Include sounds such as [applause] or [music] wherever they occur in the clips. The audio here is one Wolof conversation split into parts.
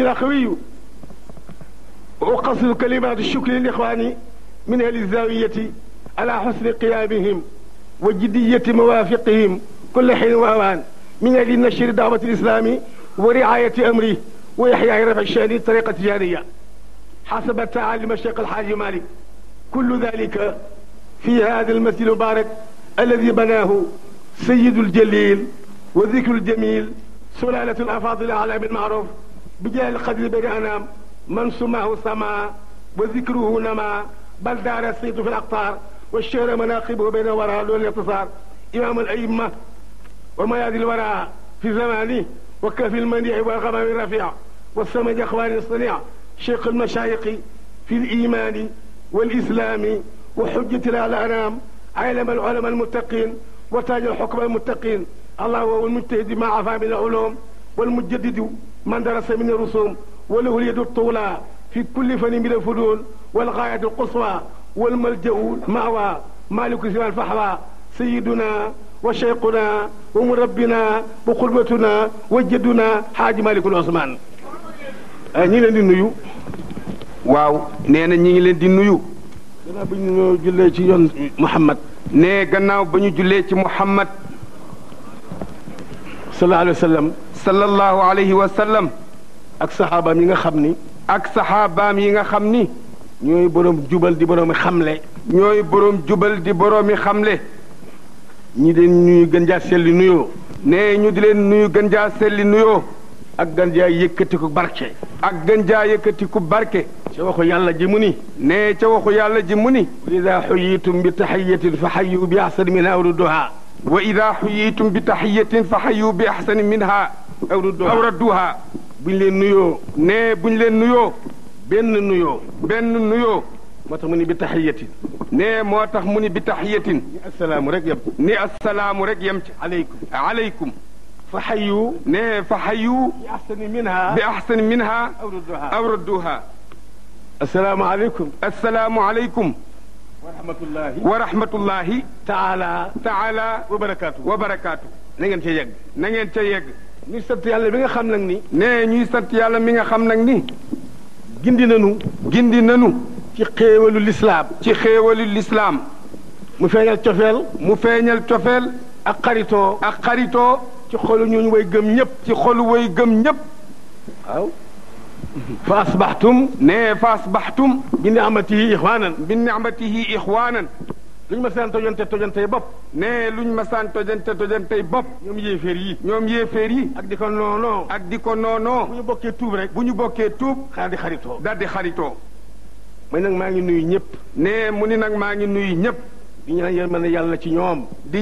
الأخوي وقصد كلمات الشكر للإخوان من أهل الزاوية على حسن قيامهم وجدية موافقهم كل حين وأوان من أجل نشر دعوة الإسلام ورعاية أمره وإحياء رفع الشأن بطريقة تجارية حسب تعاليم الشيخ الحاج مالك كل ذلك في هذا المسجد المبارك الذي بناه سيد الجليل وذكر الجميل سلالة الأفاضل على بالمعروف bi jaayil xadri bëgg anaam man sumaahu sama wa zikruhu nama bal daara saytu fi aqtaar wa shahra manaqibuhu bayna wara loolu ixtisaar imaam al aimma wa mayaadi l wara fi zamani wa kafi l mandihi wal xamaami rafia wa samadi axwaani sania cheikh al mashayiqi fi l imaani wal islaami wa xujjatil al anaam علم العلماء المتقين وتاج الحكم المتقين الله هو المجتهد مع فهم العلوم والمجدد man darasa min rusum walahu lyadu tuula fi kulli fani min alfudul walgaayatu alquswa walmaljau mawa maliku siman fahwa sayiduna wa cheikhuna wa murabbina wa xurbatuna wa jëdduna xaaji malikul osman ñi ngi leen di nuyu waaw nee na ñi ngi leen di nuyu gannaaw ba ñu jullee ci yoon muhammad ne gannaaw ba ñu jullee ci muhammad sallallahu alayhi wa sallam sallallahu alayhi wa sallam ak saxaabaam yi nga xam ni ak saxaabaam yi nga xam ni ñooy boroom jubal di boroomi xamle ñooy boroom jubal di boroomi xamle ñi leen nuyu gën jaa selli nuyoo nee ñu di leen nuyu gën jaa selli nuyoo ak gën jaa yëkkatiku barke ak gën jaa yëkkatiku barke ca waxu yàlla ji mu ni nee ca waxu yàlla ji mu ni wa ida xuyitum bi taxiyatin fa xayu bi axsan min awruduha wa ida xuyiitum bi taxiyatin fa xayu bi axsani minha aw radduha buñ leen nuyoo ne buñ leen nuyoo benn nuyoo benn nuyoo moo tax mu ni bi taxiyatin ne moo tax mu ni bi taxiyatin ni assalaamu rek yem ni assalaamu rek yem ci aleykum aleykum fa xayu ne fa xayu bi axsani minha bi axsani minha aw radduha aw radduha assalaamu aleykum assalaamu aleykum wa rahmatullahi taala taala wa barakaatu wa barakaatu na ngeen ca yegg na ngeen ca yegg ñuy sant yàlla mi nga xam nag ni ne ñuy sant yàlla mi nga xam nag ni gindi nanu gindi nanu ci xéewalu lislaam ci xéewalu lislaam mu feeñal cofeel mu feeñal cofeel ak xaritoo ak xaritoo ci xolu ñooñu way gëm ñëpp ci xolu way gëm ñëpp fa asbaxtum ne fa asbaxtum bi niamatihi ixwaanan bi niamatihi ixwaanan luñ ma saan tojante tojantey bopp ne luñ ma saan tojante tojantey bopp ñoom yéeféer yi ñoom yéeféer yi ak di ko noonoo ak di ko noonoo bu ñu bokkee tuub rek bu ñu bokkee tuub xaar di xarito daal di xaritoo may nag maa ngi nuyu ñëpp ne mu ni nag maa ngi nuyu ñëpp di ñaan na yàlla ci ñoom di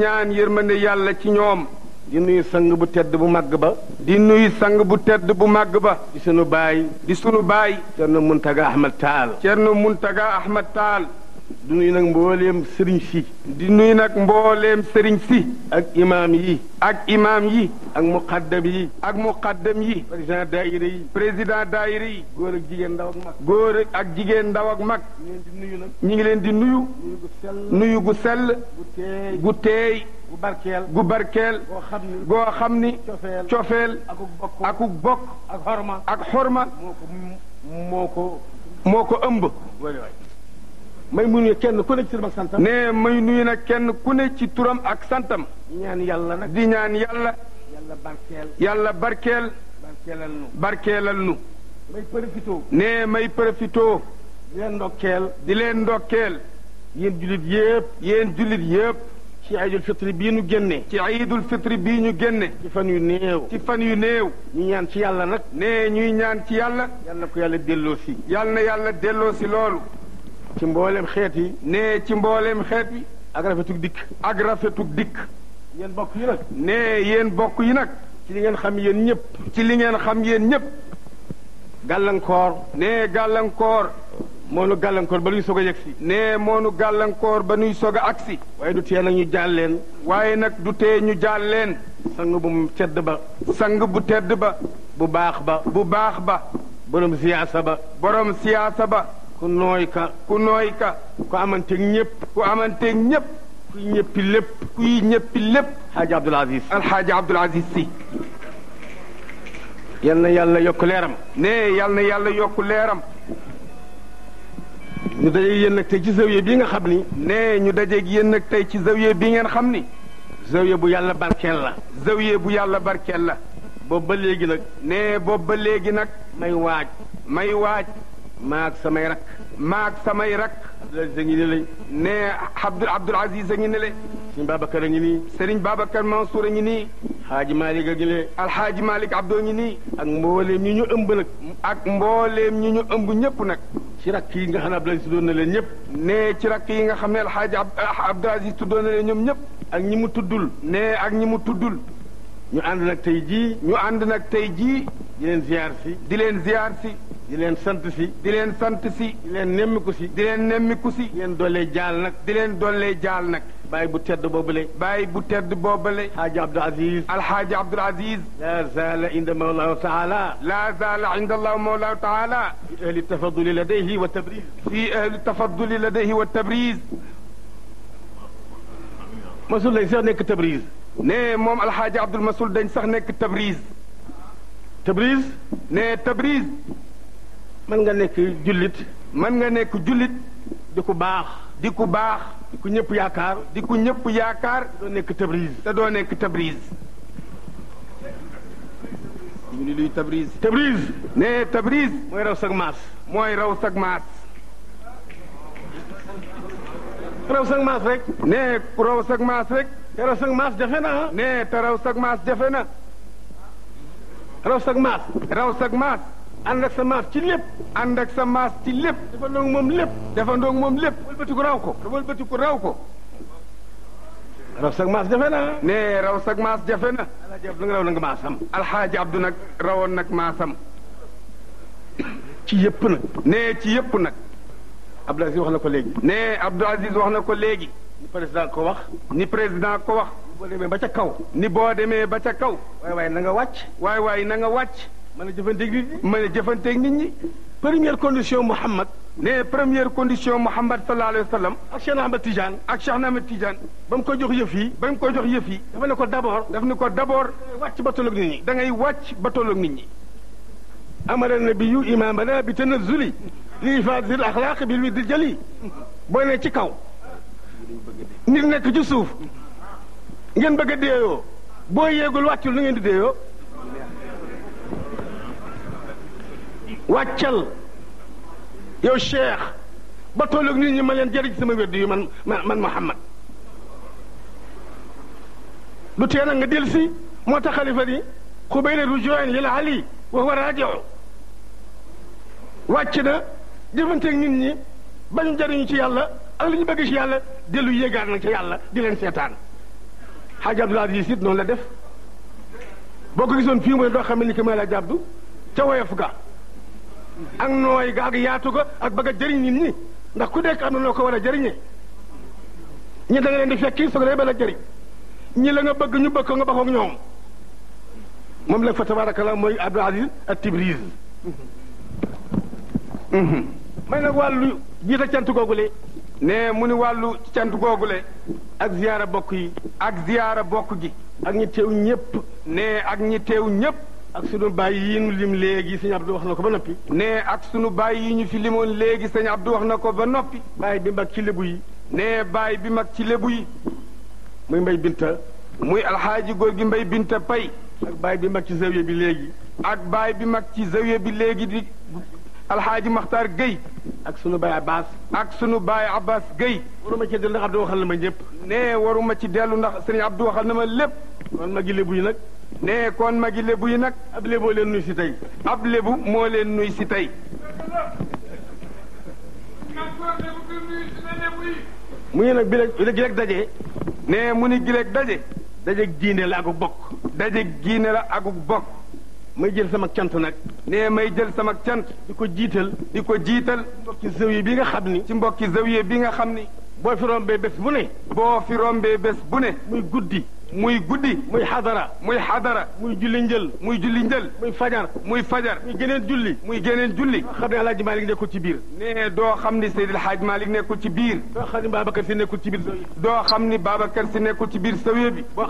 ñaan na yàlla ci ñoom di nuyu sang bu tedd bu màgg ba di nuyu sang bu tedd bu màgg ba di sunu baay di sunu baay Cerno Muntaga Ahmad Taal Cerno Muntaga Ahmad Taal di nuyu nag mbooleem sëriñ si di nuyu nag mbooleem sëriñ si ak imaam yi ak imaam yi ak muqaddam yi ak muqaddam yi président daayira yi président daayira yi góor ak jigéen ndaw ak mag góor ñu ngi leen di nuyu nag ñu ngi nuyu gu sell gu teey gu barkeel gu barkeel. goo xam ni goo ak ug bokk ak xorma ak xorma. moo ko ëmb. may nuyu kenn ku ne nag kenn ku ne ci turam ak santam. ñaan yàlla nag di ñaan yàlla. yàlla barkeel yàlla barkeel. barkeelal nu barkeelal nu. may may profito. di leen ndokkeel di leen ndokkeel. yéen jullit yépp yéen jullit yépp. ci iidul fitri bii ñu génne ci iidul fitri bii ñu génne fan yu néew ci fan yu néew ñu ñaan ci nag nee ñuy ñaan ci yàlla yàlla ko yàlla delloo si yàlla na yàlla delloo si loolu ci mbooleem xeet yi nee ci mbooleem xeet yi ak dikk ak dikk yéen bokk yi nag yéen bokk yi nag li ngeen xam yéen ñëpp ci li ngeen xam yéen ñëpp gàllankoor nee gàllankoor moo nu gàllankoor ba nuy soog a si nee moo gàllankoor ba nuy soog a agsi waaye du tee nag ñu jaal leen waaye nag du tee ñu jaal leen sang bu tedd ba sang bu tedd ba bu baax ba bu baax ba borom siyaasa ba borom siyaasa ba ku nooy ka ku nooy ka ku amanteeg ñëpp ku amanteeg ñëpp kuy ñëppi lépp kuy ñëppi lépp xaaji abdul aziz alxaaji si yal na yàlla yokk leeram nee yal na yàlla yokk leeram ñu dajeeg yéen nag tey ci zawiya bi nga xam ni ne ñu daje yéen nag tey ci zawiya bi ngeen xam ni zawiya bu yàlla barkeel la zawiya bu yàlla barkeel la boobu ba léegi nag ne boobu ba léegi nag may waaj may waaj maag samay rak maag samay rak Abdoul Aziz a ngi ne la nee Abdoul Abdoul Aziz a ngi ne la sëriñ Babacar a ngi nii sëriñ Babacar Mansour a ngi ni Alxaaji Malick a ngi ne Alxaaji Malick Abdou a ngi nii ak mbooleem ñu ñu ëmb nag ak mbooleem ñu ñu ëmb ñëpp nag ci rakk yi nga xam ne Abdoul Aziz tuddoon na leen ñëpp nee ci rakk yi nga xam ne Alxaaji Abdoul Aziz tuddoon na leen ñoom ñëpp ak ñi mu tuddul nee ak ñi mu tuddul ñu ànd nag tey jii ñu ànd nag tey jii di leen ziar si di leen ziar si di leen sant si di leen sant si di leen nemmiku si di leen nemmiku si di leen dollee jaal nag di leen dollee jaal nag bàyyi bu tedd boobale bàyyi bu tedd boobale xaaji abdul aziz alxaaji abdul aziz laa zaala inda mawlaahu taala laa zaala inda allahu mawlaahu taala fi ahli tafaduli ladayhi wa tabriz fi ahli tafaduli ladayhi wa tabriz masul lay sax nekk tabriz ne moom alxaaji abdul masul dañ sax nekk tabriz tabriz ne tabriz mën nga nekk jullit man nga nekk jullit di ku baax di ku baax di ku ñëpp yaakaar di ku ñëpp yaakaar doo nekk tabriz te doo nekk tabriz ñu ni luy tabriz tabriz ne tabriz mooy raw sag mooy raw sag maas raw sag maas rek ne raw sag rek te raw sag maas jafe na ah. ne te raw sag maas jafe na raw sag maas raw sag maas ànd ak sa maas ci lépp ànd ak sa maas ci lépp dafa ndoog moom lépp dafa ndoog moom lépp wëlbati ko raw ko wëlbati ko raw ko raw sag maas jafe na ah. ne raw sag maas jafe na alxaaji abdu nag raw na nga nag rawoon nag maasam [coughs] ci yëpp nag ne ci yëpp nag Abdou Aziz wax na ko léegi ne Abdou Aziz wax na ko léegi ni président ko wax. ni président ko wax. boo demee ba ca kaw. ni boo demee ba ca kaw. waay waay na nga wàcc. waay waay na nga wàcc. mën a jëfanteeg nit ñi. mën a jëfanteeg nit ñi. première condition Mouhamad. ne première condition Mouhamad sallallahu alayhi wa sallam. ak Cheikh Ahmed Tidiane. ak Cheikh Ahmed Tidiane. ba mu ko jox yëf yi. ba mu ko jox yëf yi. dafa ne ko d' abord. daf ne ko d' abord. wàcc ba tolloog nit ñi. da ngay wàcc ba tolloog nit ñi. amara nabiyu imaamana bi tanazuli li ifaadil axlaaq bi lu di jëli. boo ne ci kaw. nit nekk ci suuf ngeen bëgg a deeyoo boo yéegul wàccul nu ngeen di deeyoo wàccal yow cheikh ba tolloog nit ñi ma leen jëriñ sama wedd yu man man man Muhammad lu tee nga dellu moo tax xalifa ni xubayla rujuin lil ali wa huwa rajiu wàcc na jëfanteeg nit ñi bañ jëriñu ci yàlla ak li ñu bëgg ci yàlla dellu yéegaat nag ca yàlla di leen seetaan xaaj Abdul it noonu la def boo ko gisoon fii mu ne doo xam ne ni ki may la jàbdu ca woyof ga ak nooy ga ak yaatu ga ak bëgg jëriñ nit ñi ndax ku nekk am na noo ko war a jëriñee ñi da nga di fekki soog lay ñi la nga bëgg ñu bëgg nga baxoog ñoom moom la fa tabaarakalla mooy Abdul Aziz ak Tibriz mm-hmm. may nag wàllu jiite cant googule ne mu ni wàllu cant googu le ak ziyaara bokk yi ak ziyaara bokk gi ak ñi teew ñëpp ne ak ñi teew ñëpp ak sunu bàyyi yi ñu lim léegi sëñ Abdou wax na ko ba noppi ne ak sunu bàyyi yi ñu fi limoon léegi sëñ Abdou wax na ko ba noppi bàyyi bi mag ci lébu yi ne bàyyi bi mag ci lébu yi muy mbay binta muy alxaaji góor gi mbay binta pay ak bàyyi bi mag ci zawiya bi léegi ak bàyyi bi mag ci zawiya bi léegi di alxaaji maxtar géy ak sunu baay Abbas. ak sunu baay Abbas Guèye. waruma ci dellu ndax Abdou waxal na ma ñëpp. nee waruma ci dellu ndax sëriñ Abdou waxal na ma lépp. kon magi lébu yi nag. nee kon magi lébu yi nag. ab léboo leen nuy si tey. ab lébu moo leen nuy si tey. mu ngi nag bi gi rek daje. nee mu ni gi rek daje. daje giine la akuk bokk. daje giine la akuk bokk. may jël sama cant nag nee may jël sama cant di ko jiital di ko jiital mbokki zawiya bi nga xam ni ci mbokki zawiya bi nga xam ni boo fi rombee bés bu ne boo fi rombee bés bu ne muy guddi muy guddi muy xadara muy xadara muy julli njël muy julli njël muy fajar muy fajar muy geneen julli muy geneen julli doo xam ne alaaji Malik nekkul ci biir ne doo xam ni Seydil Haaj Malik nekkul ci biir doo xam ni Babacar Si nekkul ci biir doo xam ni Babacar Si nekkul ci biir zawiya bi doo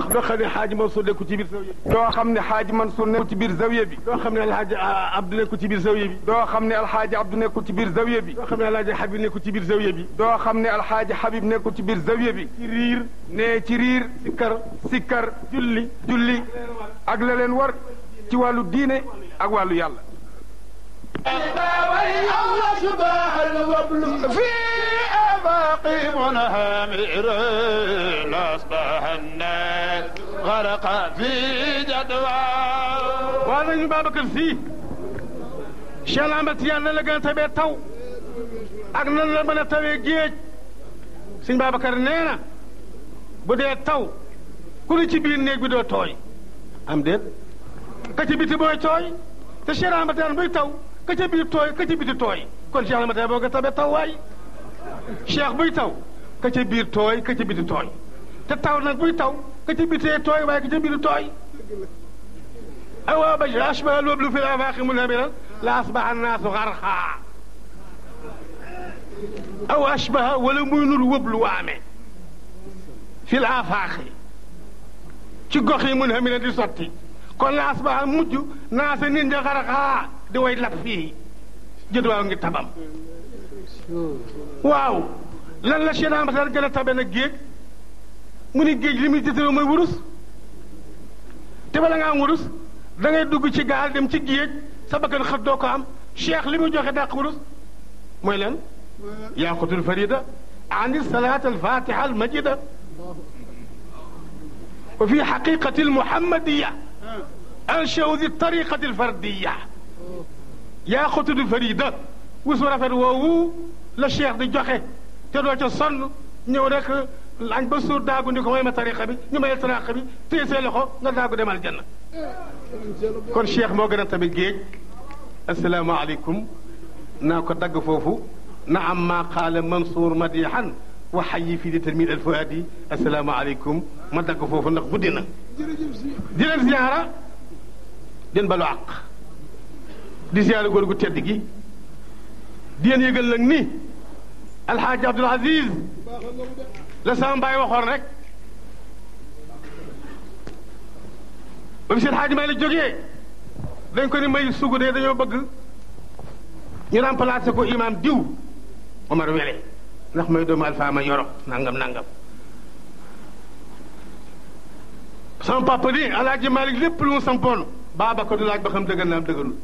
xam ne Xaaji Mansour nekkul ci biir zawiya bi doo xam ne Xaaji Mansour nekkul ci biir zawiya bi doo xam ne Alaaji Abdu nekkul ci biir zawiya bi doo xam ne Alaaji Abdu nekkul ci biir zawiya bi doo xam ne Alaaji Habib nekkul ci biir zawiya bi doo xam ne Alaaji Habib nekkul ci biir zawiya bi ci riir ne ci riir si kar sikkar julli julli ak la war ci wàllu diine ak wàllu yàlla waa nañu Babacar Sy Cheikh Ahmed Tidiane nan la gën a tabee taw ak nan la mën a tawee géej Sëñ Babacar bu dee taw ku ne ci biir néeg bi doo tooy am déet ka ci biti booy tooy te Cheikh Ahmad Tidiane buy taw ka ca biir tooy ka ci biti tooy kon Cheikh Ahmad Tidiane boo ko tabee taw waay cheikh buy taw ka ca biir tooy ka ci biti tooy te taw nag buy taw ka ci bitee tooy waaye ka ca biir tooy awaa ba asba loob lu fi la faaxi mu nabira la asbaha naasu xarxaa aw ashbaha wala muy nuru wëb lu waame fi l afaaxi ci gox yi mun xam ne di sotti kon laas ba xam mujj naa sa nit ña di way lap fii jët waaw waaw lan la Cheikh Amadou gën a tabe nag géej mu ni géej li muy jëtëro mooy wurus te bala am wurus da ngay dugg ci gaal dem ci géej sa bakkan xët doo ko li muy joxe dàq wurus mooy leen yaaqutul farida ani salaat al fatiha al majida وفي حقيقة المحمدية أنشأوا ذي الطريقة الفردية yaa xotu du farida wusu rafet woowu la cheikh di joxe te doo ca sonn ñëw rek lañ ba suur daagu ni ko may ma tariqa bi ñu may tariqa bi téye see loxo nga daagu demal janna kon cheikh moo gën a tamit géej asalaamaaleykum naa ko dagg foofu na am maa qaala mansour madihan waxay yi fii di termine al fuadi asalaamaaleykum ma dagg foofu ndax guddi na di leen ziyaara den balu àq di ziyaara gu tedd gi di leen yëgal nag ni alxaaji abdul aziz la sama mbaay waxoon rek ba bi seen xaaji may la jógee dañ ko ni may sugu ne dañoo bëgg ñu remplacer ko imam diw Omar Wele ndax may doomu alfaama yoro nangam nangam sama papa ni alaaji Malik lépp lu mu sampoon baaba ko du laaj ba xam dëggal na am dëggalul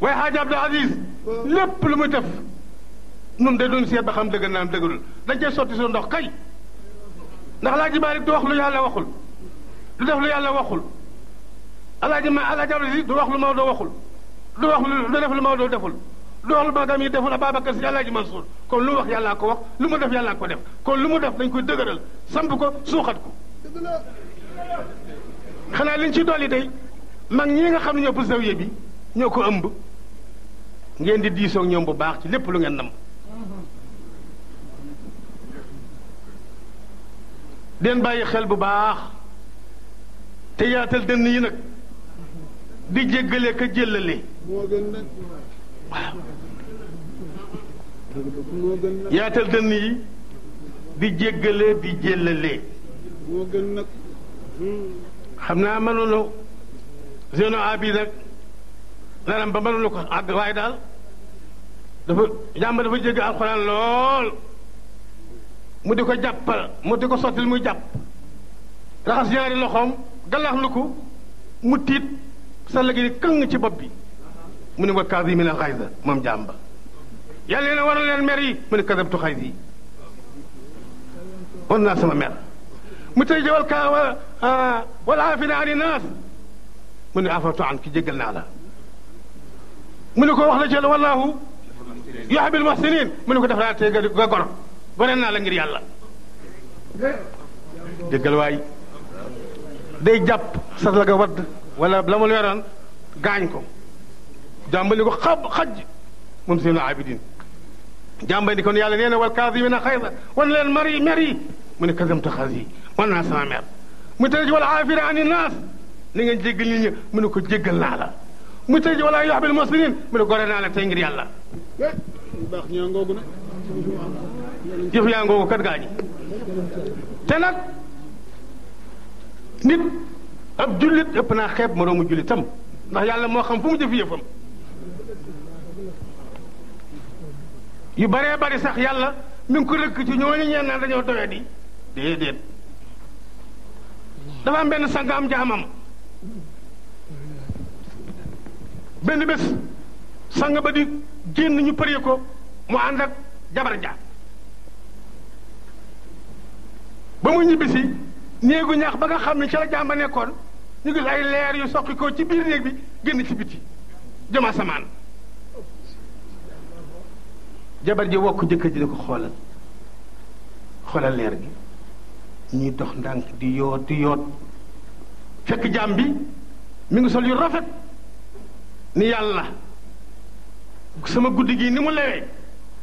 waaye xaaja Abdul Aziz lépp lu muy def nun de duñ seet ba xam dëggal na am dañ cee sotti su ndox kay ndax alaaji Malik du wax lu yàlla waxul du def lu yàlla waxul alaaji ma alaaji Abdul Aziz du wax lu Maodo waxul du wax lu du def lu Maodo deful loolu magam yi defoon Ababacar Si Alaaji Mansour kon lu mu wax yàllaa ko wax lu mu def yàllaa ko def kon lu mu def dañ koy dëgëral samp ko suuxat ko xanaa liñ ci dolli tey mag ñi nga xam ne ñoo zawiya bi ñoo ko ëmb ngeen di diisoog ñoom bu baax ci lépp lu ngeen nam den bàyyi xel bu baax te yaatal dënn yi nag di jéggale ka jëllale waaw yaatal dënn yi di jéggale di jéllale xam naa mënula zeno a bi nag laram ba mënula ko àgg waaye daal dafa jàmba dafa jégg alxuraan lool mu di ko jàppal mu di ko sottil mu jàpp raxas yaari loxoom galaxlu ko mu tiit sa léegi ni këng ci bopp bi mu ne wa kaasimin al xaysa moom jaam ba yàlla nee na waral leen mer yi mu ne kasabtu xays yi war naa sama mer mu tey jawal kaa ah, wala aafina ani naas mu ne afatu an ki jéggal naa la mu ne ko wax la ci la wallaahu yuhibbul muhsinin mu ne ko def naa tey nga gor goreel naa la ngir yàlla déggal waay day jàpp sas la nga wadd wala la mu weeroon gaañ ko jàmbali ko xab xaj mun si na abidin jàmbali kon yàlla nee na wal kaazimina xayda wan leen mari mer yi mu ne kazamta xas yi wan naa sama mer mu tëj wal aafira ani naas ni ngeen jéggal nit ñi mu ne ko jéggal naa la mu tëj wala yoxbil muslimin mu ne gore naa la tey ngir yàlla baax ñaa ngoogu nag jëf yaa ngoogu kat gaañi te nag nit ab jullit ëpp naa xeeb moroomu jullitam ndax yàlla moo xam fu mu jëf yëfam yu baree bari sax yàlla mi ngi ko rëkk ci ñooñu ñeen naan dañoo doye di déedéet dafa am benn sang am jaamam benn bés sang ba di génn ñu përee ko mu ànd ak jabar ja ba mu ñibbisi néegu ñax ba nga xam ne ci la jaam ba nekkoon ñu gis ay leer yu soqi ci biir néeg bi génn ci biti jëm asamaan jabar ji wokk jëkkër ji di ko xoolal xoolal leer gi ñuy dox ndànk di yoot di yoot fekk jaam bi mu ngi sol yu rafet ni yàlla sama guddi gii ni mu lewee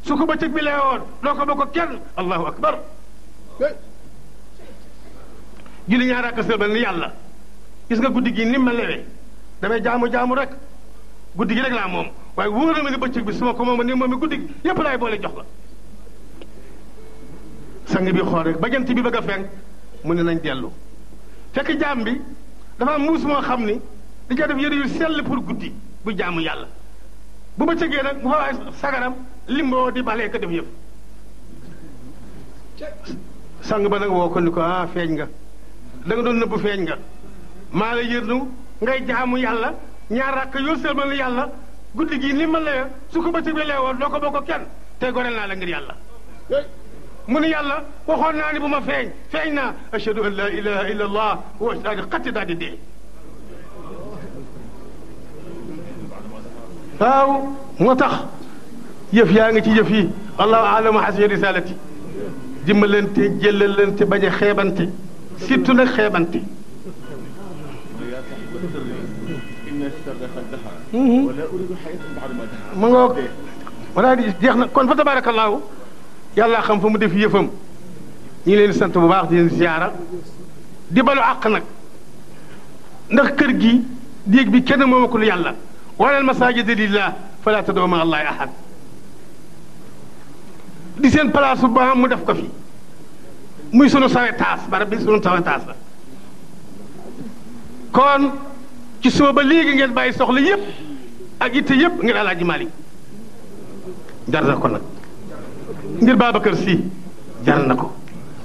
su ko bëccëg bi leewoon doo ko bokk kenn allahu akbar julli ñaaraaka sëlmal ni yàlla gis nga guddi gi ni ma lewee damay jaamu jaamu rek guddi gi rek laa moom waaye wóor na ma ne bëccëg bi su ko moom ni moom mi guddi gi yëpp laay boole jox la sang bi xool rek ba bi bëgg a fenk ne nañ dellu fekk jaam bi dafa am muus moo xam ni di ca def yëre yu sell pour guddi bu jaamu yàlla bu ma cëggee nag mu xawaay sagaram limboo di balee ko def yëpp sang ba nag woo ah, feeñ nga da nga doon nëbb feeñ nga maa la yërnu ngay jaamu yàlla ñaar rakk yoo sëlmal yàlla guddi gi ni ma la su ko bëccëg bi leewoon doo ko bokk kenn tey goreel naa la ngir yàlla mu ni yàlla waxoon naa ni bu ma feeñ feeñ naa ashhadu an la ilaha illa allah wa daadi xatti daal di dee waaw moo tax yëf yaa ngi ci yëf yi allahu alama xasiya risalati dimbalante jëlalante bañ a xeebante surtout nag xeebante Mhm. ma ngoog walaa di jeex na kon fa tabaarakallaahu yàlla xam fa mu def yëfam ñu ngi leen sant bu baax di leen ziyaara di balu àq nag ndax kër gi déeg bi kenn moomakul yàlla walal masaajida lillah falaa tad'uu ma'a llaahi ahad di seen place bu baax mu def ko fi muy sunu sawe taas barab bi sunu sawe taas la kon ci suba ba léegi ngeen bàyyi soxla yëpp ak itte yëpp ngir alaaji Malik jar na ko nag ngir Babacar Sy jar na ko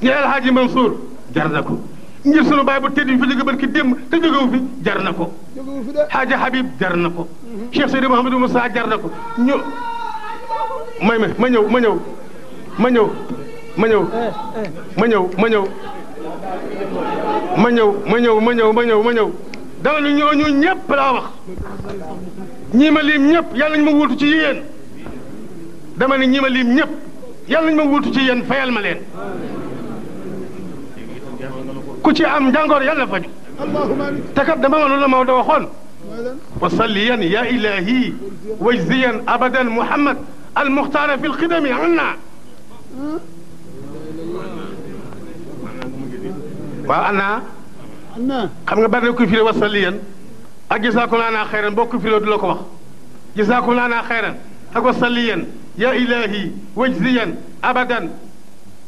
ngir alaaji Mansour jar na ko ngir sunu baay bu tedd bi fi jóge barki démb te jógewu fi jar na ko Xaaja Habib jar na ko Cheikh Seydi Mouhamadou Moussa jar na ko ñu may ma ma ñëw ma ñëw ma ñëw ma ñëw ma ñëw ma ñëw ma ñëw ma ñëw ma ñëw ma ñëw dama ne ñooñu ñëpp laa wax ñii ma liim ñëpp yàlla nañ ma wuutu ci yéen dama ne ñii ma liim ñëpp yàlla nañ ma wuutu ci yéen fayal ma leen ku ci am jàngoor yàlla faju te kat dama nga loolu Maodo waxoon wa salliyan ya ilahi wajziyan abadan muhammad al muxtaara fi lxidami anna waaw xam nga bari na kuy firé wasalli yan ak gisaakum laa naa xayran boo ko firé du la ko wax gisaakum laa naa xayran ak wasalli yan ya ilahi wajziyan abadan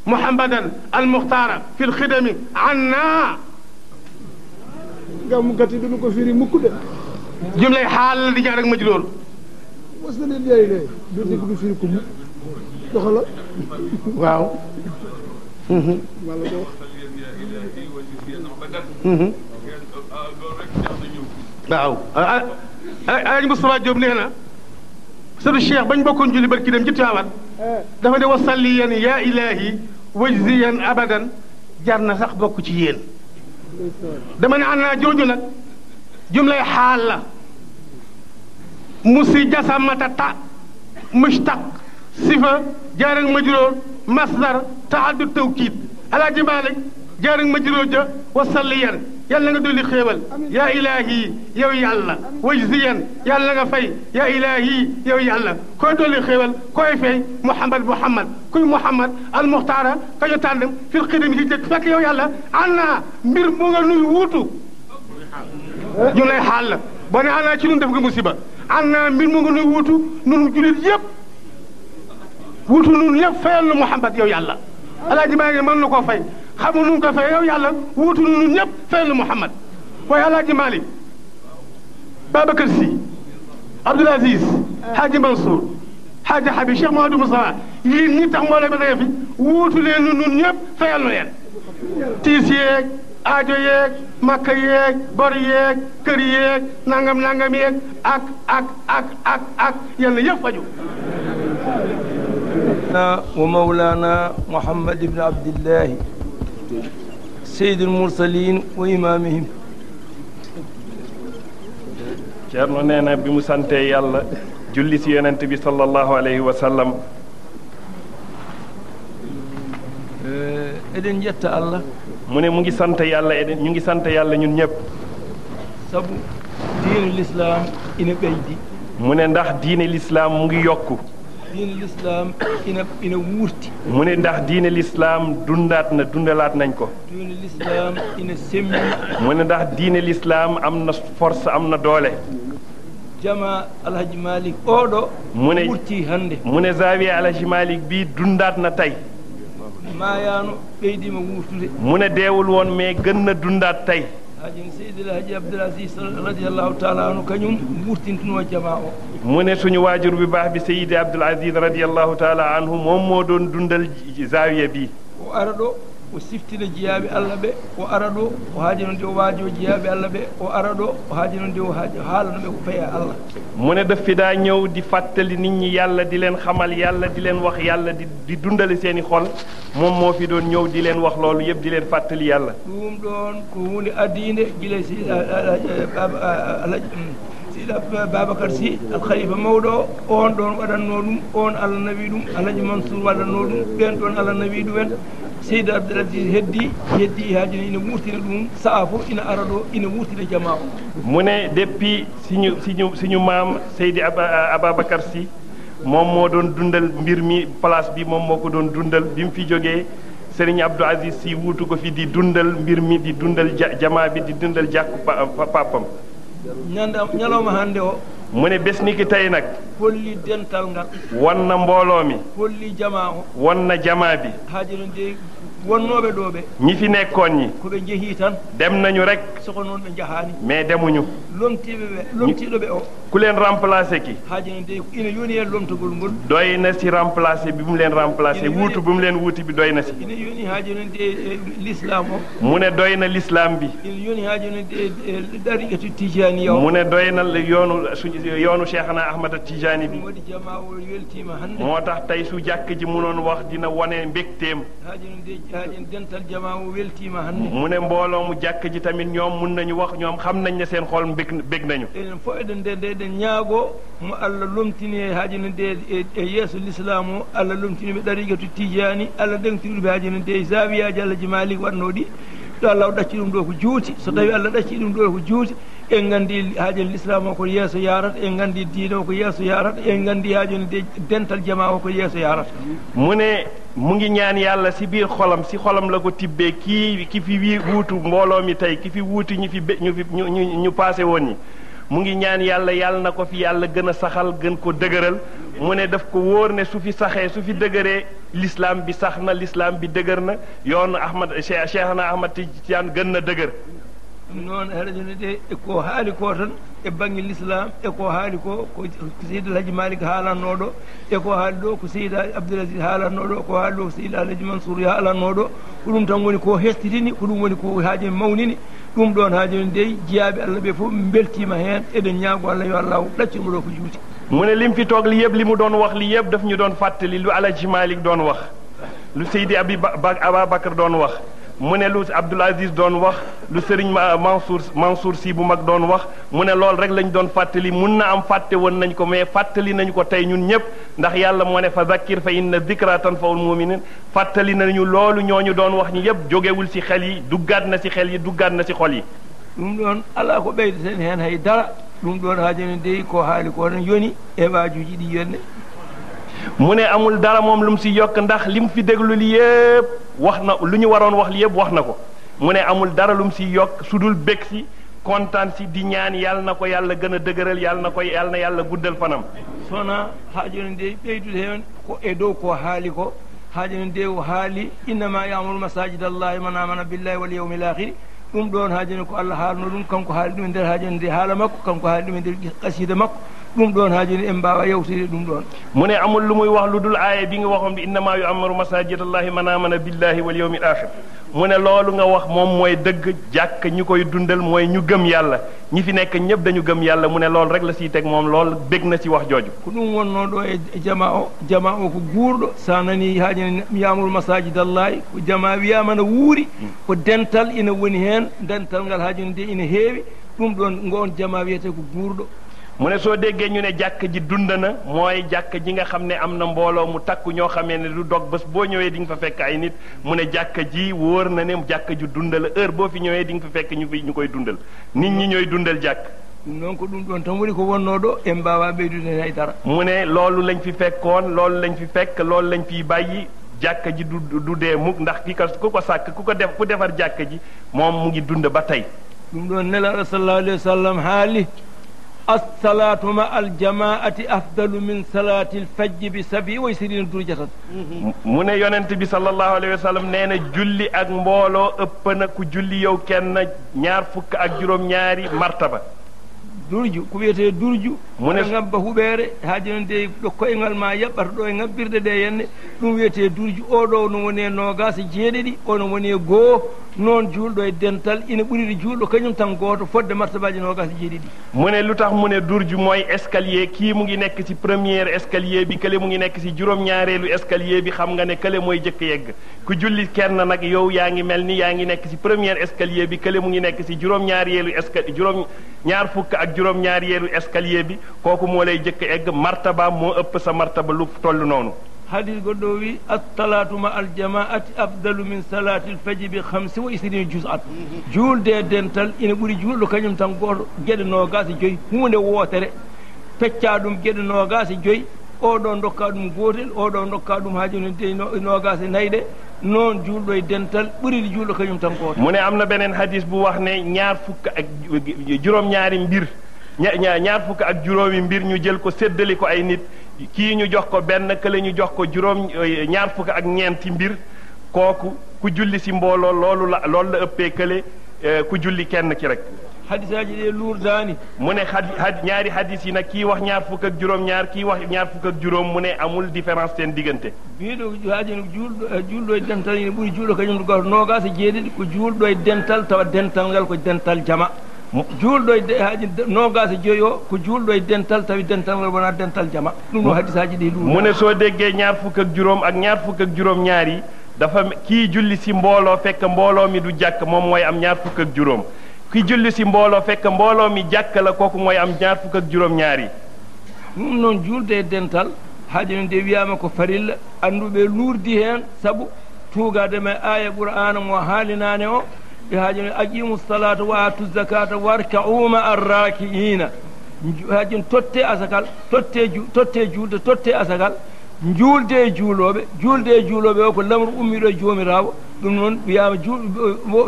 muhammadan almuxtaara fi lxidami anna gàmmu kat yi duñu ko firi mukk de jumlay xaal la di ñaan ak majlool wasalli ya ilahi du dikk du firi ko mukk doxala waaw wala do wax Mm-hmm. waaw ah, ah, Alaaji nee na sëñ Cheikh bañ bokkoon julli barki dem ci Tiwaawan dafa ne wa salli yan ilaahi wajziyan abadan jar na sax bokk ci yéen dama ne ana jooju nag jumlay xaal la musi jasamata ta mushtaq sifa masdar taaddu tawkiid alaaji Maalik jaarang ma juróo ja wa salliyan yàlla nga dolli xéewal yaa ilaahi yow yàlla wajziyan yàlla nga fay yaa ilaahi yow yàlla koy dolli xéewal koy fay muhammad muhammad kuy muhammad al muxtaara ka ñu tànn fil xidami ci jëkk fekk yow yàlla ana mbir mu nga nuy wuutu ñu lay xaal la ne ana ci nun def nga musiba ana mbir mu nga nuy wuutu nun julit yépp wuutu nun yépp fayal nu muhammad yow yàlla alaaji maa ngi mën na koo fay xamu nu mu ko fay yow yàlla wuutu ñun ñëpp fayal na Mouhamad waaye Alaaji Malick Babacar Sy Abdoul Aziz Hadji Mansour Hadji Habib Cheikh Mouhamadou Moustapha yii ñi tax la ba dee fi wuutu leen nu ñun ñëpp fayal na leen makka yeeg bor yeeg kër yeeg nangam nangam yeeg ak ak ak ak ak yàlla yëpp seydil mursalin wa imaamihim Ceerno nee na bi mu santee yàlla julli si yonent bi sallallahu alayhi wa sallam eɗen jetta allah mu ne mu ngi sant yàlla eɗen ñu ngi sant yàlla ñun ñëpp sabu diinu l'islam ina ɓeydi mu ne ndax diine lislaam mu ngi yokku diine lislaam ina ina mu ne ndax diine lislaam dundaat na dundalaat nañ ko diine lislaam ina semmi mu ne ndax diine lislaam am na force am na doole jama alhaji malik oɗo mu ne wurti hannde mu ne zawiya alhaji malik bi dundaat na tey maayaano ɓeydima wuurtude mu ne deewul woon mais gën na dundaat tey hajin seydil haji abdul aziz radiallahu taala anu kañum murtintinoo jamaa o mu ne suñu waajur bi baax bi seydi abdul aziz radiallahu taala anhu moom moo doon dundal zaawiya bi o ara ɗo o siftira jeyaɓe allah ɓe o ara ɗo o haaji noon de allah ɓe o ara ɗo o haaji noon de ɓe ko faye allah mu ne daf fi daa ñëw di fàttali nit ñi yàlla di leen xamal yàlla di leen wax yàlla di di dundale seen i xol moom moo fi doon ñëw di leen wax loolu yëpp di leen fàttali yàlla ɗum ɗoon ko hunde addiinde gila si alhaji babacar sy mawɗo o on ɗon waɗatno ɗum on allah nawi ɗum alhaji mansour waɗatno ɗum ɓen ɗon allah nawi ɗumen seydi abdoul asis heddi heddi haaji ne ina wurtina ɗum saha fof ina ara ɗo ina wurtina jama o mu ne depuis siñu siñu siñu maam seydi ababacar si moom moo doon dundal mbir mi place bi moom moo ko doon dundal bi mu fi jógee Serigne Abdou Aziz wuutu ko fi di dundal mbir mi di dundal ja jamaa bi di dundal jàkku papam ñanda ñalawma hannde o mu ne bés ni ki tey nag. holli dental ngal. wan na mbooloo mi. holli jamaa o. wan na jamaa bi. wonnooɓe doo ɓe ñi fi nekkoon ñi ko dem nañu rek soko noon ɓe njahaani mais demuñu lomtiiɓe ɓe lomtiiɗo ɓe ku leen remplacé ki haajino de ina yoni heen lomtogol ngol doy na si remplacé bi mu leen remplacé wuutu bu mu leen wuuti bi doy na si ina yoni haajino de e, e, l'islam mu ne doy na lislaam bi ina yoni haajino de e, dariqatu tijani o mu ne doy na yoonu su yoonu cheikhana ahmada tijani bi waɗi jama o weltiima hannde moo tax tey su jàkk ji mu munoon wax dina wone mbégteem haajino mu ne mbooloo mu jàkk ji tamit ñoom mun nañu wax ñoom xam nañ ne seen xol mbég bég nañu enen fof eɗen nde nde eɗen ñaagoo mo allah lomtini e haajino nde e yeeso l'islamu o allah lomtini ɓe ɗariga to tijani allah ndentiri ɓe haajino nde e allah ji malik watnoo ɗi ɗo allah o ɗacci ɗum ɗo juuti so tawi allah ɗacci ɗum ɗo ko juuti en gandi haajani l'islam o ko yeeso yarata en gandi diine o ko yeeso yarata en gandi haajani dental jama o ko yeeso yarata mu ne mu ngi ñaan yàlla si biir xolam si xolam la ko tibbee kii ki fi wii wuutu mbooloo mi tey ki fi wuuti ñu fi be ñu paase ñu ñu woon ñi mu ngi ñaan yàlla yàlla na ko fi yàlla gën a saxal gën ko dëgëral mu ne daf ko wóor ne su fi saxee su fi dëgëree lislaam bi sax na lislaam bi dëgër na yoonu Ahmad Cheikh Cheikhna Ahmad Tidiane gën na dëgër ɗum noon haɗa joni de eko haali ko tan e bange l'islam eko haali ko ko alhaji malik haalannoɗo eko ɗo ko ko haali ɗo ko seydi alhaji mansour haalannoɗo ko ɗum tan woni ko hestitini ko ɗum woni ko haaji mawnini ɗum ɗon haa dey jeyaaɓe allah ɓe fof beltima heen eɗen ñaago allah yo allah ɗaccumo ɗo ko juuti mu ne lim fi toog li yëpp li mu doon wax li yëpp daf ñu doon fàttali lu alaji malik doon wax lu seydi abi ababacre doon wax mu ne lu Abdoul Aziz doon wax lu Serigne Mansour Mansour si bu mag doon wax mu ne lool rek lañ doon fàttali mun na am fàtte woon nañ ko mais fàttali nañ ko tey ñun ñëpp ndax yàlla moo ne fa zakkir fa na inna zikra tanfaul muminin fàttali nañu loolu ñoo ñu doon wax ñi yëpp jógewul ci xel yi duggaat na ci xel yi duggaat na ci xol yi ɗum ɗon alaa ko ɓeydo ten heen hay dara ɗum ɗon haajani dey ko haali ko tan yoni e waajuji di yonne mu ne amul dara moom lu mu si yokk ndax li mu fi déglu li yépp wax na lu ñu waroon wax li yépp wax na ko mu ne amul dara lu mu si yokk su dul bég si kontaan si di ñaan yàlla na ko yàlla gën a dëgëral yàlla na ko yàlla na yàlla guddal fanam sona haajonde ɓeydude heen ko e dow ko haali ko haajonde o haali innama yamuru masajid allahi man amana billahi wal yawmil akhiri ɗum ɗon haajoni ko allah haalno ɗum kanko haali ɗum e nder haajoni nde haala makko kanko haali ɗum e ɗum ɗon haajini en mbawa yewtide ɗum ɗon mu ne amul lu muy wax lu dul aaya bi nga waxoon bi innama yu amaru masajid allahi man amana billahi wal yawmil akhir mu ne loolu nga wax moom mooy dëgg jàkk ñi koy dundal mooy ñu gëm yàlla ñi fi nekk ñëpp dañu gëm yàlla mu ne loolu rek la siy teg moom lool bég na si wax ko ɗum wonnoo ɗo e jama o jama o ko guurɗo sa nani haajini yamul masajid allahi ko jama wiyama no wuuri ko dental ina woni heen dental ngal haajini de ina heewi ngoon jama wiyete ko mu ne soo déggee ñu ne jàkk ji dund na mooy jàkk ji nga xam ne am na mbooloo mu takku ñoo xamee ne du dog bés boo ñëwee di nga fa fekk ay nit mu ne jàkk ji wóor na ne jàkk ju dund la heure boo fi ñëwee di nga fa fekk ñu fi ñu koy dundal nit ñi ñooy dundal jàkk donc ɗum ɗon tan woni ko wonnooɗo en mbaawaa ɓeydude hay dara mu ne loolu lañ fi fekkoon loolu lañ fi fekk loolu lañ fiy bàyyi jàkk ji du du dee mukk ndax ki ko ko sàkk ku ko def ku defar jàkk ji moom mu ngi dund ba tey alsalaatu ma aljamaati afdalu min salaati lfajji bi sabi way sirina durjatan mu ne yonent bi sallallahu alayhi wa sallam nee na julli ak mbooloo ëpp na ku julli yow kenn ñaar fukk ak juróom-ñaari martaba durju ko wiyete durju mune ngabba huɓeere haajinonde ɗo koyngal ma yaɓɓata ɗo e ngabbirde ɗe henne ɗum wiyete durju oɗo no woni e nogasa e jeeɗiɗi ono woni e goho noon juulɗo e dental ina ɓuriɗo juulɗo kañum tan gooto fodde martabaji nogasa e jeeɗiɗi mune lutax mune durju moye escalier kii mu ngi nekk si première escalier bi kale mu ngi nekk si juróom ñaareelu escalier bi xam nga ne kale mooy jëkk yegg ku julli kenn nag yow yaa ngi mel ni yaa ngi nekk si première escalier bi kale mu ngi nekk si juróom ñaareelu escalier juróom ñaar juróom-ñaareelu escalier bi kooku moo lay jëkk egg martaba moo ëpp sa martaba lu toll noonu hadis ma aljamaati afdalu min salati lfaji bi xamsi wa isrini jus at juulde dental ina ɓuuri e e e juulɗo kañum tan goto gueɗe nogas e joyyi hunde wootere ɗum gueɗe nogas e joyyi ɗum gotel e nayyi noon juulɗo dental ɓuriɗi juulɗo kañum tan goto mu ne am na beneen hadis bu wax ne ñaar fukk ak mbir ña ñaar fukk ak juróomi mbir ñu jël ko séddali ko ay nit kii ñu jox ko benn kële ñu jox ko juróom ñaar fukk ak ñeenti mbir kooku ku julli si mbooloo loolu la loolu la ëppee kële e, ku julli kenn ki rek. xadisaaji dee luur daani mu ne xad ñaari xadis yi nag kii wax ñaar fukk ak juróom ñaar kii wax ñaar fukk ak juróom mu ne amul différence seen diggante bii ɗo haajino juul juulɗo e dental ine ɓuri juulɗo kañum goto nogas e jeeɗiɗi ko dental tawa dental ngal ko dental jama juulɗo e haaji nogasa joyi o ko dental tawi dental wona dental jama ɗum ɗo hadis aji ɗi lu mu ne ak juróom ak ñaar fukk juróom ñaari dafa kii julli si mbooloo fekk mbooloo mi du jàkk moom mooy am ñaar fukk juróom ki julli si mbooloo fekk mbooloo mi jàkk la kooku mooy am ñaar fukk ak juróom ñaari ɗum noon juulde e dental haaji de wiyama ko farilla annduɓe luurdi heen sabu tuugade ma aya qur'ana mo haalinane o hajin aqimu salata wa atu zakata warka'u ma arraki'ina totte asakal totte totte asakal juulde juulooɓe juulde juulooɓe o ko lamru ummiɗo joomiraawo ɗum noon wiyama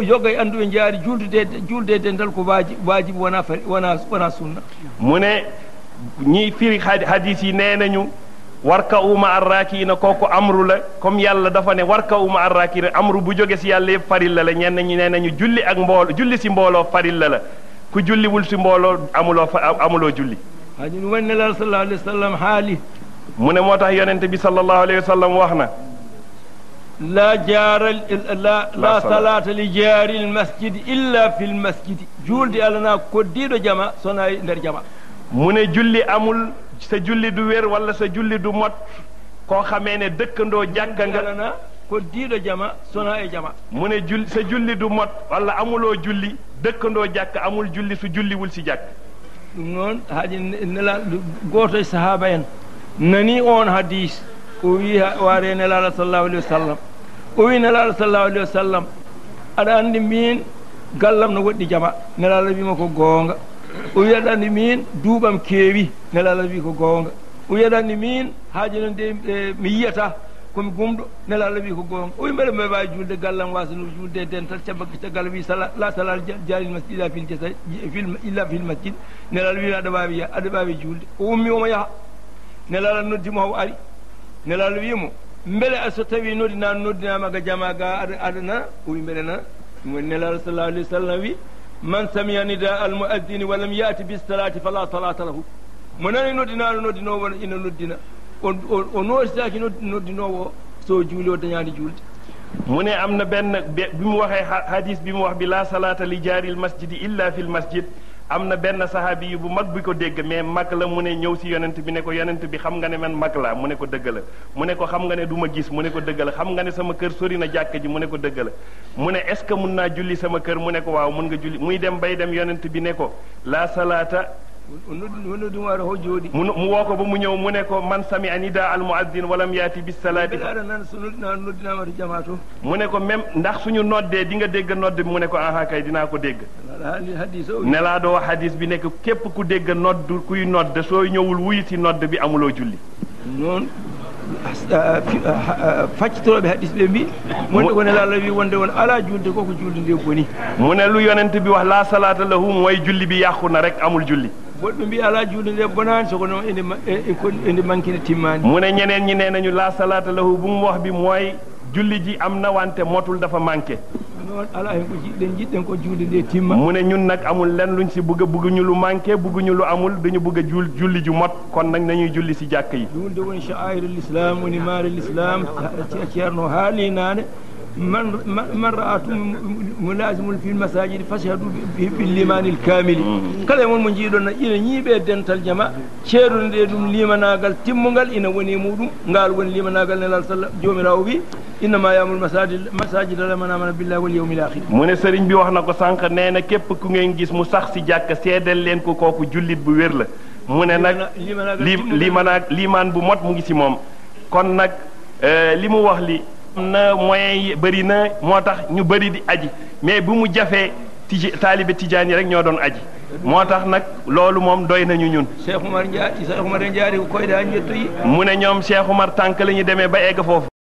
yoga e anndu e jaari juuldude ko waaji waajibi sunna mu ne ñii firi hadis warka uma arraaki na kooku amru la comme yàlla dafa ne warka uma arraaki na amru bu jóge si yàlla yëpp faril la la ñenn ñi nee nañu julli ak mbooloo julli si mbooloo faril la la ku julliwul si mbooloo amuloo fa amuloo julli hañun wanne la sallallahu alayhi wa mu ne moo tax yonente bi sallallahu alayhi wa sallam wax na la jaara la la salata li jaari illa fi l masjid juulde alana koddiiɗo jama sona e nder jama mu ne julli amul sa julli du wér wala sa julli du mot koo xamee ne dëkkandoo jàkka nga ko diiɗo jama sona e jama mu ne julli du mot walla amuloo julli dëkkandoo jàkk amul julli su julliwul si jàkk ɗum noon haadi o wi waare nelaaɗo sallllahu alih wa o wi nelaaɗo sallllahu alih wa aɗa anndi min gallam no woɗɗi jama nelaaɗo wiima ko goonga o wiyaɗanni min duuɓam keewi nelaala wi ko goonga o wiyaɗanni min haaji non de e, mi yiyata komi gumɗo nelaala wi ko goonga o wi mbeɗa mbeɗa wawi julde gallam wasano julde e den tan cabaka caggal wi la salal jalil masjid illa fil jasa illa fil masjid nelaala wino aɗa wawi aɗa wawi julde o ummi omo yaaha nelaala noddimo haw ari nelaala wimo beele so tawi noddinama noddinamaga jama ga aɗa aɗa nana o wi mbeɗa nana ɗum woni nelaala sallallahu alih w sallam wi man samiya nidaa al muaddini wa lam yaati bis salaati fala salaata lahu mo nani noddinaano noddinoo won ina noddina o o nootitaaki noddinoowo so juuli o dañaani juulde mu ne am na benn bi mu waxee hadis bi mu wax bi laa salaata li jaaril masjidi illa fil masjid am na benn saxaabi yi bu mag bi ko dégg mais mag la mu ne ñëw si yonent bi ne ko yonent bi xam nga ne man mag laa mu ne ko dëgg la mu ne ko xam nga ne duma ma gis mu ne ko dëgg la xam nga ne sama kër sori na jàkk ji mu ne ko dëgg la mu ne est-ce que mun naa julli sama kër mu ne ko waaw mun nga julli muy dem bay dem yonent bi ne ko laa salaata wona ɗum ara mu ko bo mu ñëw mu ne ko man sami a nida al bi salati aɗa nan so noddinama noddinama to jama to mu ne ko même ndax suñu noddee dinga nga dégg nodde bi mu ne ko aha kay dinaa ko dégg hadis o bi nekk képp ku dégg nodd kuy nodd soo ñëwul wuyiti nodd bi amuloo julli noon faccitoroɓe hadis ɓe mbi wonde ko nelaala wi wonde won ala julde mu ne lu yonent bi wax la salata lahum julli bi yàqu na rek amul julli goɗɗo mbi ala juulde nde bonani soko noon ende e, e manquine timmani mu ne ñeneen ñi nee nañu la salata lahu bu mu bi mooy julli ji am na wante motul dafa manqué noon ala hen ko jiɗɗen jiɗɗen ko ñun nag amul lenn luñ si bëgg a bëgguñu lu manqué bëgguñu lu amul dañu bëgg a julli ju mot kon nag nañuy julli si jàkk yi juulde woni chaairul islam man man ra'atum mulazimul fil masajidi fashhadu bihi bil limanil kamili kala moon mo jiiɗon ina ñiiɓe dental jama ceeɗonde ɗum limanagal timmugal ina woni muɗum ngal woni limanagal nelal sallah jomirawo wi innama yamul masajid masajid alaman amana billahi wal yawmil akhir mu ne sëriñ bi wax na ko sànq nee na képp ku ngeen gis mu sax si jàkk seedal leen ko kooku jullit bu wér la mu ne nag li bu mot mu ngi si moom kon nag euh, li mu wax li am na moyens yi bëri na moo tax ñu bëri di aji mais bu mu jafee tij taalibe tijaan yi rek ñoo doon aji moo tax nag loolu moom doy nañu ñun. Cheikh Umar Ndiaye Cheikh Umar Ndiaye koy daa ñett yi. mu ne ñoom Cheikh Umar tànk la ñu demee ba egg foofu.